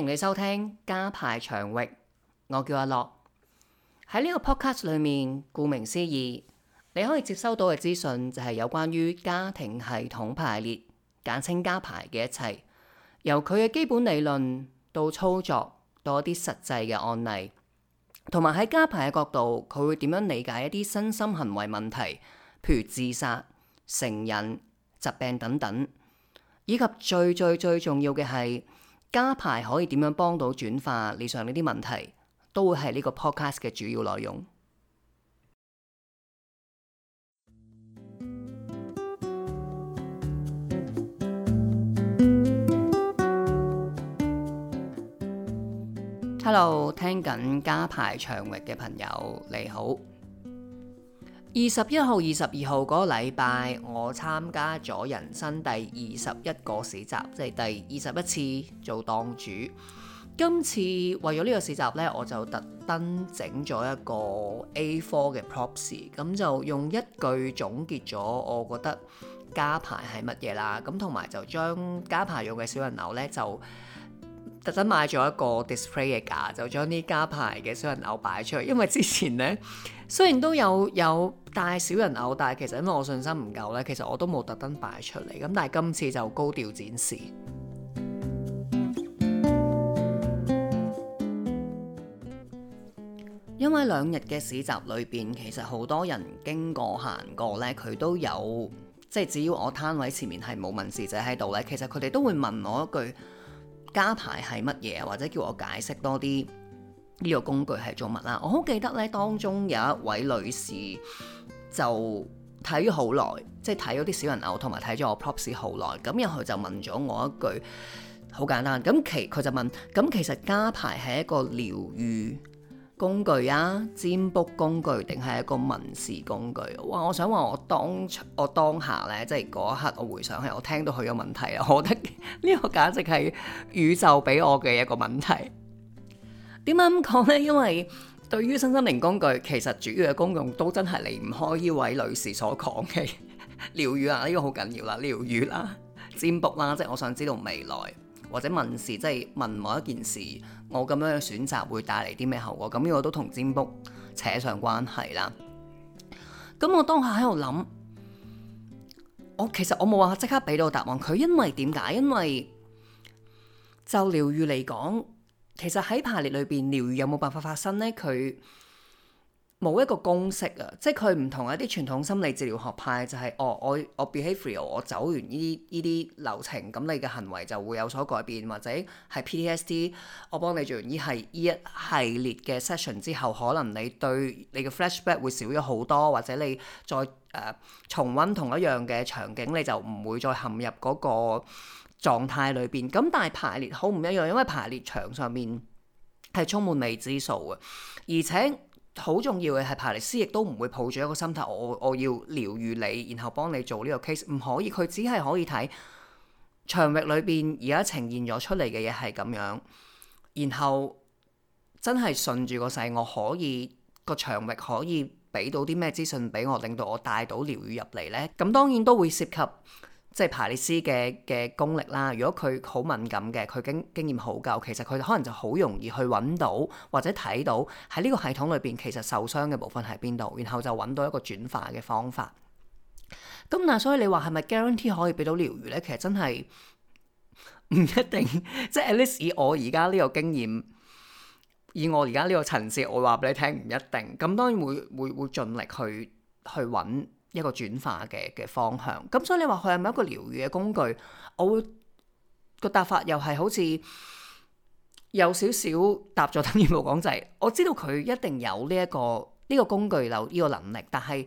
歡迎你收聽家排場域，我叫阿樂。喺呢個 podcast 裏面，顧名思義，你可以接收到嘅資訊就係有關於家庭系統排列，簡稱家排嘅一切，由佢嘅基本理論到操作，到一啲實際嘅案例，同埋喺家排嘅角度，佢會點樣理解一啲身心行為問題，譬如自殺、成癮疾病等等，以及最最最重要嘅係。家排可以點樣幫到轉化？以上呢啲問題都會係呢個 podcast 嘅主要內容。Hello，聽緊家排場域嘅朋友，你好。二十一號、二十二號嗰個禮拜，我參加咗人生第二十一個市集，即係第二十一次做檔主。今次為咗呢個市集呢，我就特登整咗一個 A4 嘅 props，咁就用一句總結咗，我覺得家排係乜嘢啦。咁同埋就將家排用嘅小人偶呢就。特登買咗一個 display 嘅架，就將呢家排嘅小人偶擺出去。因為之前呢，雖然都有有帶小人偶，但係其實因為我信心唔夠呢，其實我都冇特登擺出嚟。咁但係今次就高調展示。 因為兩日嘅市集裏邊，其實好多人經過行過呢，佢都有即係、就是、只要我攤位前面係冇問事者喺度呢，其實佢哋都會問我一句。家排係乜嘢？或者叫我解釋多啲呢個工具係做乜啦？我好記得呢，當中有一位女士就睇好耐，即係睇咗啲小人偶，同埋睇咗我 props 好耐。咁然後佢就問咗我一句好簡單。咁其佢就問：咁其實家排係一個療愈工具啊、占卜工具定係一個問事工具？我話我想話我當我當下呢，即係嗰一刻我回想起，我聽到佢個問題啊，我得。呢個簡直係宇宙俾我嘅一個問題。點解咁講呢？因為對於新心靈工具，其實主要嘅功用都真係離唔開呢位女士所講嘅療愈啊！呢、這個好緊要啦，療愈啦、占卜啦，即係我想知道未來或者問事，即係問某一件事，我咁樣嘅選擇會帶嚟啲咩後果？咁呢個都同占卜扯上關係啦。咁我當下喺度諗。我、哦、其實我冇話即刻俾到答案。佢因為點解？因為就療愈嚟講，其實喺排列裏邊，療愈有冇辦法發生咧？佢冇一個公式啊！即係佢唔同一啲傳統心理治療學派，就係、是、哦，我我 behaviour，我走完呢啲呢啲流程，咁你嘅行為就會有所改變，或者係 PTSD，我幫你做完呢係呢一系列嘅 session 之後，可能你對你嘅 flashback 會少咗好多，或者你再。誒重溫同一樣嘅場景，你就唔會再陷入嗰個狀態裏邊。咁但係排列好唔一樣，因為排列場上面係充滿未知數嘅，而且好重要嘅係排列師亦都唔會抱住一個心態，我我要療愈你，然後幫你做呢個 case，唔可以，佢只係可以睇場域裏邊而家呈現咗出嚟嘅嘢係咁樣，然後真係順住個勢，我可以、個場域可以。俾到啲咩資訊俾我，令到我帶到療愈入嚟呢？咁當然都會涉及即係排列師嘅嘅功力啦。如果佢好敏感嘅，佢經經驗好夠，其實佢可能就好容易去揾到或者睇到喺呢個系統裏邊其實受傷嘅部分喺邊度，然後就揾到一個轉化嘅方法。咁但所以你話係咪 guarantee 可以俾到療愈呢？其實真係唔一定。即係、 就是、at least 以我而家呢個經驗。以我而家呢個層次，我話俾你聽，唔一定。咁當然會會會盡力去去揾一個轉化嘅嘅方向。咁所以你話佢係咪一個療愈嘅工具？我會個答法又係好似有少少搭咗等於冇講，就係。我知道佢一定有呢一個呢個工具有呢個能力，但係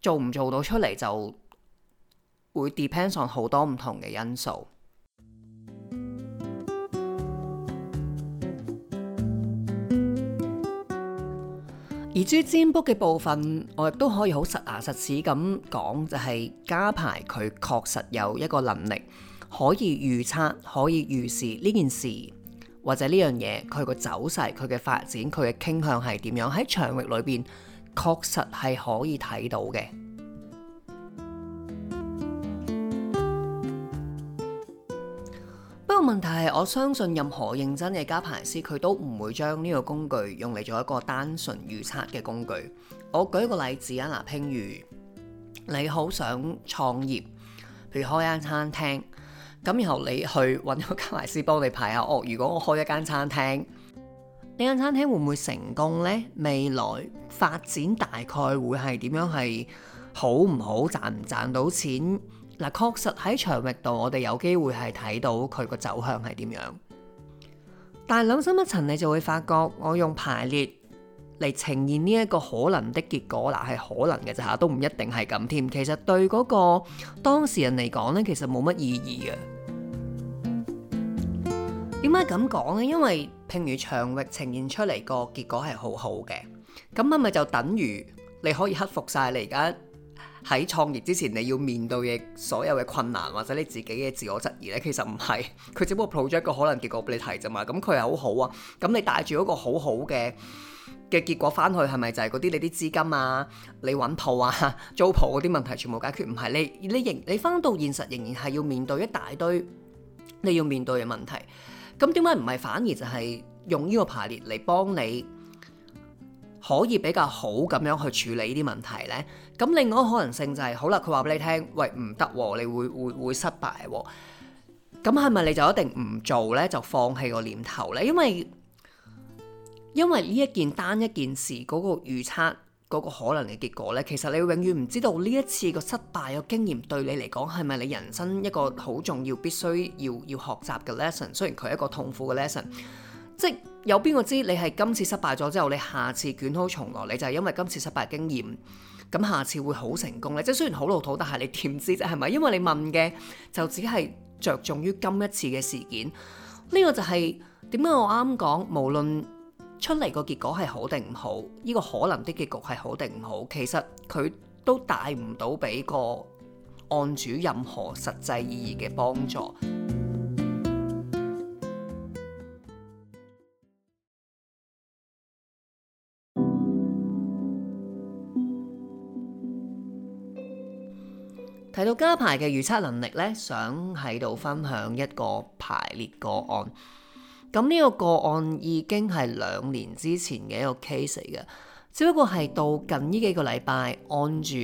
做唔做到出嚟就會 depends on 好多唔同嘅因素。而至於占卜嘅部分，我亦都可以好實牙實齒咁講，就係、是、家排佢確實有一個能力，可以預測、可以預示呢件事或者呢樣嘢佢個走勢、佢嘅發展、佢嘅傾向係點樣喺場域裏邊，確實係可以睇到嘅。問題係，我相信任何認真嘅家排師，佢都唔會將呢個工具用嚟做一個單純預測嘅工具。我舉個例子啊，嗱，譬如你好想創業，譬如開一間餐廳，咁然後你去揾個家排師幫你排下。哦，如果我開一間餐廳，呢間餐廳會唔會成功呢？未來發展大概會係點樣，好好？係好唔好，賺唔賺到錢？嗱，確實喺場域度，我哋有機會係睇到佢個走向係點樣但，但係諗深一層，你就會發覺，我用排列嚟呈現呢一個可能的結果，嗱係可能嘅咋，嚇，都唔一定係咁添。其實對嗰個當事人嚟講呢，其實冇乜意義嘅。點解咁講咧？因為譬如場域呈現出嚟個結果係好好嘅，咁係咪就等於你可以克服曬嚟噶？喺創業之前，你要面對嘅所有嘅困難或者你自己嘅自我質疑呢，其實唔係，佢只不過 project 一個可能結果畀你睇咋嘛，咁佢係好好啊，咁你帶住一個好好嘅嘅結果翻去，係咪就係嗰啲你啲資金啊、你揾鋪啊、租鋪嗰啲問題全部解決？唔係，你你仍你翻到現實仍然係要面對一大堆你要面對嘅問題，咁點解唔係反而就係用呢個排列嚟幫你？可以比較好咁樣去處理呢啲問題呢。咁另外一個可能性就係，好啦，佢話俾你聽，喂，唔得，你會會會失敗。咁係咪你就一定唔做呢？就放棄個念頭咧？因為因為呢一件單一件事嗰個預測嗰個可能嘅結果呢，其實你永遠唔知道呢一次個失敗嘅經驗對你嚟講係咪你人生一個好重要必須要要學習嘅 lesson。雖然佢係一個痛苦嘅 lesson。即有邊個知你係今次失敗咗之後，你下次捲土重來，你就係因為今次失敗經驗，咁下次會好成功呢？即係雖然好老土，但係你點知啫係咪？因為你問嘅就只係着重於今一次嘅事件，呢個就係點解我啱講，無論出嚟個結果係好定唔好，呢個可能的結局係好定唔好，其實佢都帶唔到俾個案主任何實際意義嘅幫助。喺到家排嘅預測能力呢，想喺度分享一個排列個案。咁、嗯、呢、這個個案已經係兩年之前嘅一個 case 嚟嘅，只不過係到近呢幾個禮拜，案主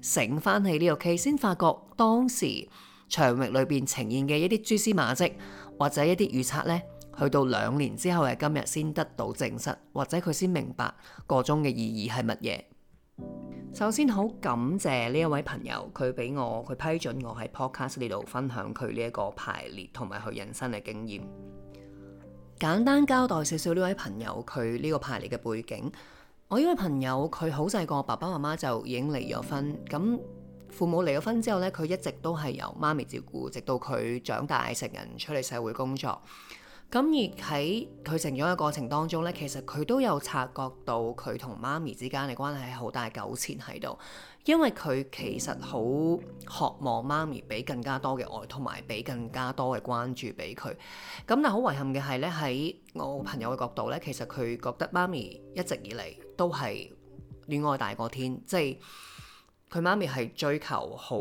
醒翻起呢個 case，先發覺當時場域裏邊呈現嘅一啲蛛絲馬跡，或者一啲預測呢，去到兩年之後係今日先得到證實，或者佢先明白個中嘅意義係乜嘢。首先好感謝呢一位朋友，佢俾我佢批准我喺 podcast 呢度分享佢呢一個排列同埋佢人生嘅經驗。簡單交代少少呢位朋友，佢呢個排列嘅背景。我呢位朋友佢好細個，我爸爸媽媽就已經離咗婚。咁父母離咗婚之後呢，佢一直都係由媽咪照顧，直到佢長大成人出嚟社會工作。咁而喺佢成長嘅過程當中呢，其實佢都有察覺到佢同媽咪之間嘅關係係好大糾纏喺度，因為佢其實好渴望媽咪俾更加多嘅愛，同埋俾更加多嘅關注俾佢。咁但好遺憾嘅係呢，喺我朋友嘅角度呢，其實佢覺得媽咪一直以嚟都係戀愛大過天，即係佢媽咪係追求好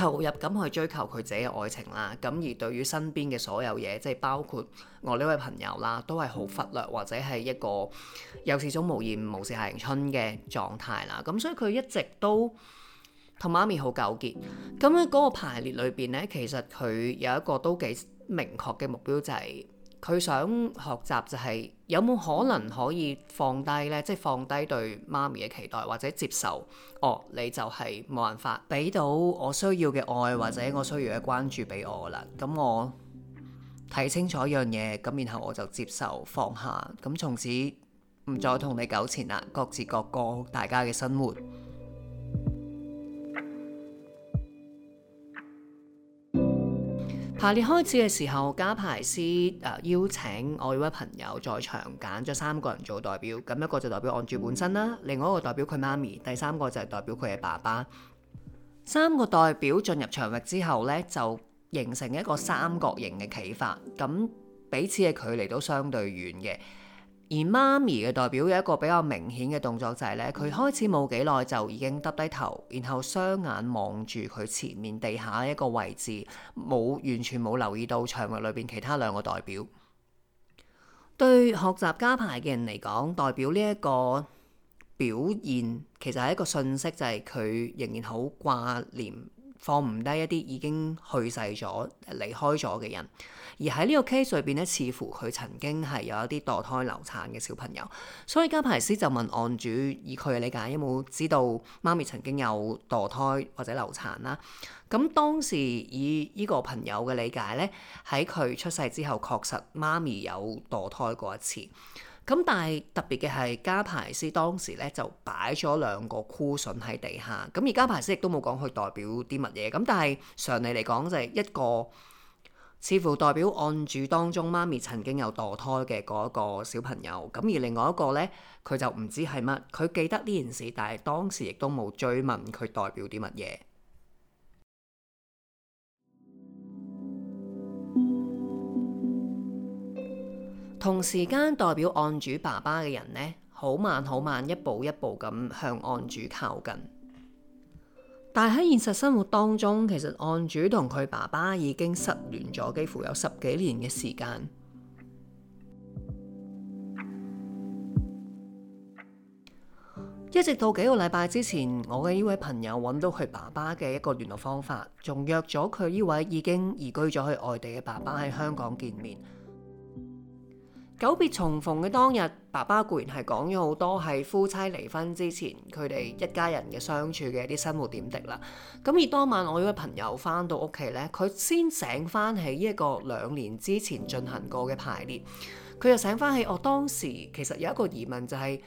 投入咁去追求佢自己嘅愛情啦，咁而對於身邊嘅所有嘢，即係包括我呢位朋友啦，都係好忽略或者係一個有事鍾無艷、無事夏迎春嘅狀態啦。咁所以佢一直都同媽咪好糾結。咁喺嗰個排列裏邊呢，其實佢有一個都幾明確嘅目標就係、是。佢想學習就係有冇可能可以放低呢？即係放低對媽咪嘅期待或者接受哦，你就係冇辦法俾到我需要嘅愛或者我需要嘅關注俾我噶啦。咁我睇清楚一樣嘢，咁然後我就接受放下，咁從此唔再同你糾纏啦，各自各過大家嘅生活。排列開始嘅時候，家排師誒、呃、邀請我一位朋友在場揀咗三個人做代表，咁一個就代表案主本身啦，另外一個代表佢媽咪，第三個就係代表佢嘅爸爸。三個代表進入場域之後咧，就形成一個三角形嘅企法，咁彼此嘅距離都相對遠嘅。而媽咪嘅代表有一個比較明顯嘅動作就係咧，佢開始冇幾耐就已經耷低頭，然後雙眼望住佢前面地下一個位置，冇完全冇留意到場域裏邊其他兩個代表。對學習家排嘅人嚟講，代表呢一個表現其實係一個訊息，就係佢仍然好掛念，放唔低一啲已經去世咗、離開咗嘅人。而喺呢個 case 裏邊咧，似乎佢曾經係有一啲墮胎流產嘅小朋友，所以加排斯就問案主以，以佢嘅理解有冇知道媽咪曾經有墮胎或者流產啦？咁當時以呢個朋友嘅理解咧，喺佢出世之後確實媽咪有墮胎過一次。咁但係特別嘅係加排斯當時咧就擺咗兩個咕 𠱸 喺地下，咁而加排斯亦都冇講佢代表啲乜嘢。咁但係常理嚟講就係一個。似乎代表案主當中媽咪曾經有墮胎嘅嗰一個小朋友，咁而另外一個呢，佢就唔知係乜，佢記得呢件事，但係當時亦都冇追問佢代表啲乜嘢。 同時間代表案主爸爸嘅人呢，好慢好慢一步一步咁向案主靠近。但係喺現實生活當中，其實案主同佢爸爸已經失聯咗，幾乎有十幾年嘅時間。一直到幾個禮拜之前，我嘅呢位朋友揾到佢爸爸嘅一個聯絡方法，仲約咗佢呢位已經移居咗去外地嘅爸爸喺香港見面。久別重逢嘅當日，爸爸固然係講咗好多係夫妻離婚之前佢哋一家人嘅相處嘅一啲生活點滴啦。咁而當晚我呢位朋友翻到屋企咧，佢先醒翻起呢一個兩年之前進行過嘅排列，佢又醒翻起我、哦、當時其實有一個疑問就係、是，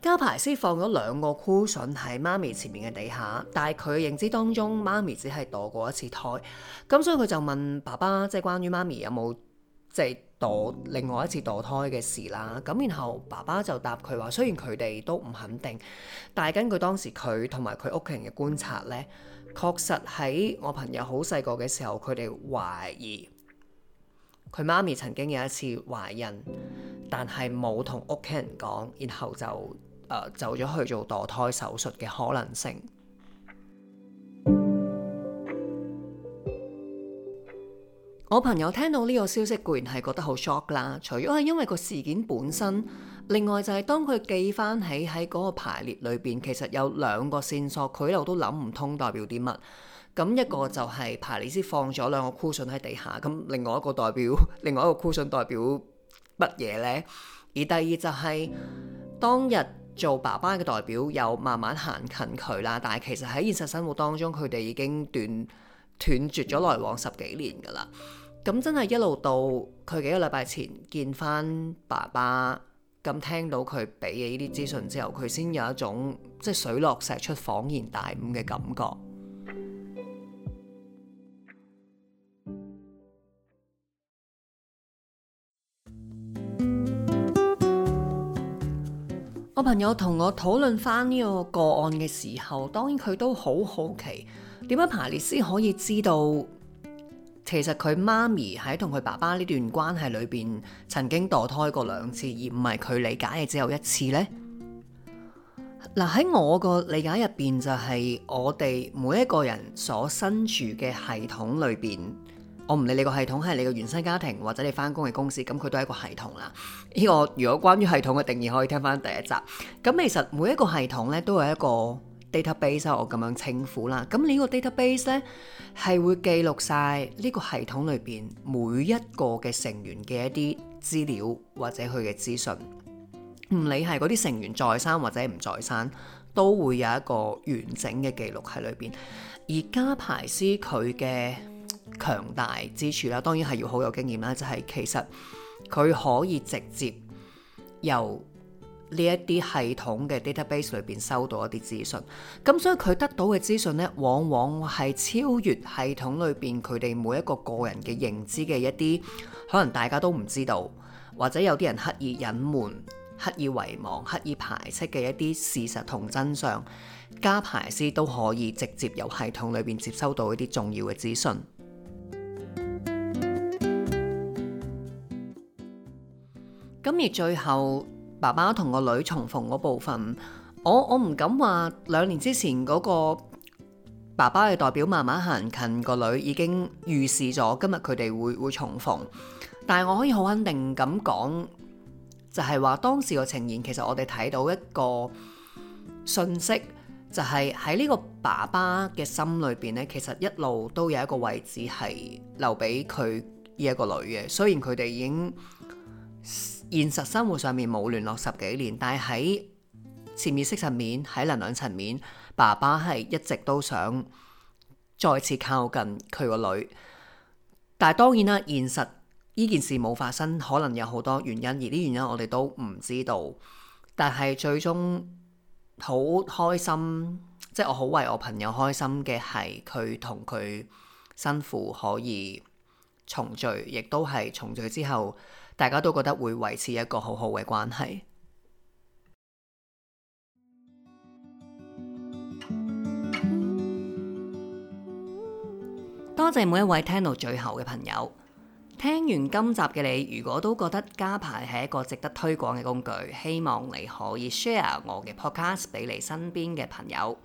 家排師放咗兩個 cushion 喺媽咪前面嘅地下，但係佢認知當中媽咪只係墮過一次胎，咁所以佢就問爸爸，即係關於媽咪有冇？即係墮另外一次墮胎嘅事啦。咁然後爸爸就答佢話，雖然佢哋都唔肯定，但係根據當時佢同埋佢屋企人嘅觀察呢，確實喺我朋友好細個嘅時候，佢哋懷疑佢媽咪曾經有一次懷孕，但係冇同屋企人講，然後就誒走咗去做墮胎手術嘅可能性。我朋友聽到呢個消息固然係覺得好 shock 啦，除咗係因為個事件本身，另外就係當佢記翻起喺嗰個排列裏邊，其實有兩個線索，佢都諗唔通代表啲乜。咁一個就係、是、排列師放咗兩個箍 u 喺地下，咁另外一個代表，另外一個箍 u 代表乜嘢呢？而第二就係、是、當日做爸爸嘅代表又慢慢行近佢啦，但係其實喺現實生活當中，佢哋已經斷斷絕咗來往十幾年噶啦，咁真係一路到佢幾個禮拜前見翻爸爸，咁聽到佢俾嘅呢啲資訊之後，佢先有一種即係水落石出、恍然大悟嘅感覺。我朋友同我討論翻呢個個案嘅時候，當然佢都好好奇。點樣排列先可以知道，其實佢媽咪喺同佢爸爸呢段關係裏邊，曾經墮胎過兩次，而唔係佢理解嘅只有一次呢？嗱、啊、喺我個理解入邊，就係、是、我哋每一個人所身處嘅系統裏邊，我唔理你個系統係你嘅原生家庭或者你翻工嘅公司，咁佢都係一個系統啦。呢、這個如果關於系統嘅定義，可以聽翻第一集。咁其實每一個系統呢，都有一個。Database 我咁樣稱呼啦，咁呢個 Database 呢，係會記錄晒呢個系統裏邊每一個嘅成員嘅一啲資料或者佢嘅資訊，唔理係嗰啲成員在生或者唔在生，都會有一個完整嘅記錄喺裏邊。而家排師佢嘅強大之處啦，當然係要好有經驗啦，就係其實佢可以直接由呢一啲系統嘅 Database 裏邊收到一啲資訊，咁所以佢得到嘅資訊呢，往往係超越系統裏邊佢哋每一個個人嘅認知嘅一啲可能，大家都唔知道，或者有啲人刻意隱瞞、刻意遺忘、刻意排斥嘅一啲事實同真相，家排師都可以直接由系統裏邊接收到一啲重要嘅資訊。咁而最後，爸爸同個女重逢嗰部分，我我唔敢話兩年之前嗰個爸爸嘅代表慢慢行近個女已經預示咗今日佢哋會會重逢，但係我可以好肯定咁講，就係話當時個呈現其實我哋睇到一個信息，就係喺呢個爸爸嘅心裏邊呢，其實一路都有一個位置係留俾佢呢一個女嘅，雖然佢哋已經。現實生活上面冇聯絡十幾年，但係喺潛意識層面、喺能量層面，爸爸係一直都想再次靠近佢個女。但係當然啦，現實呢件事冇發生，可能有好多原因，而呢原因我哋都唔知道。但係最終好開心，即係我好為我朋友開心嘅係佢同佢親父可以重聚，亦都係重聚之後。大家都覺得會維持一個好好嘅關係。多謝每一位聽到最後嘅朋友，聽完今集嘅你，如果都覺得家排係一個值得推廣嘅工具，希望你可以 share 我嘅 podcast 俾你身邊嘅朋友。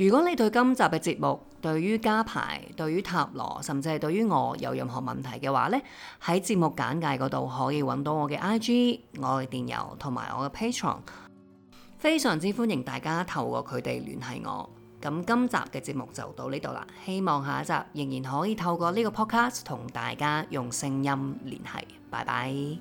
如果你對今集嘅節目、對於家排、對於塔羅，甚至係對於我有任何問題嘅話呢，喺節目簡介嗰度可以揾到我嘅 IG、我嘅電郵同埋我嘅 Patreon，非常之歡迎大家透過佢哋聯繫我。咁今集嘅節目就到呢度啦，希望下一集仍然可以透過呢個 Podcast 同大家用聲音聯繫。拜拜。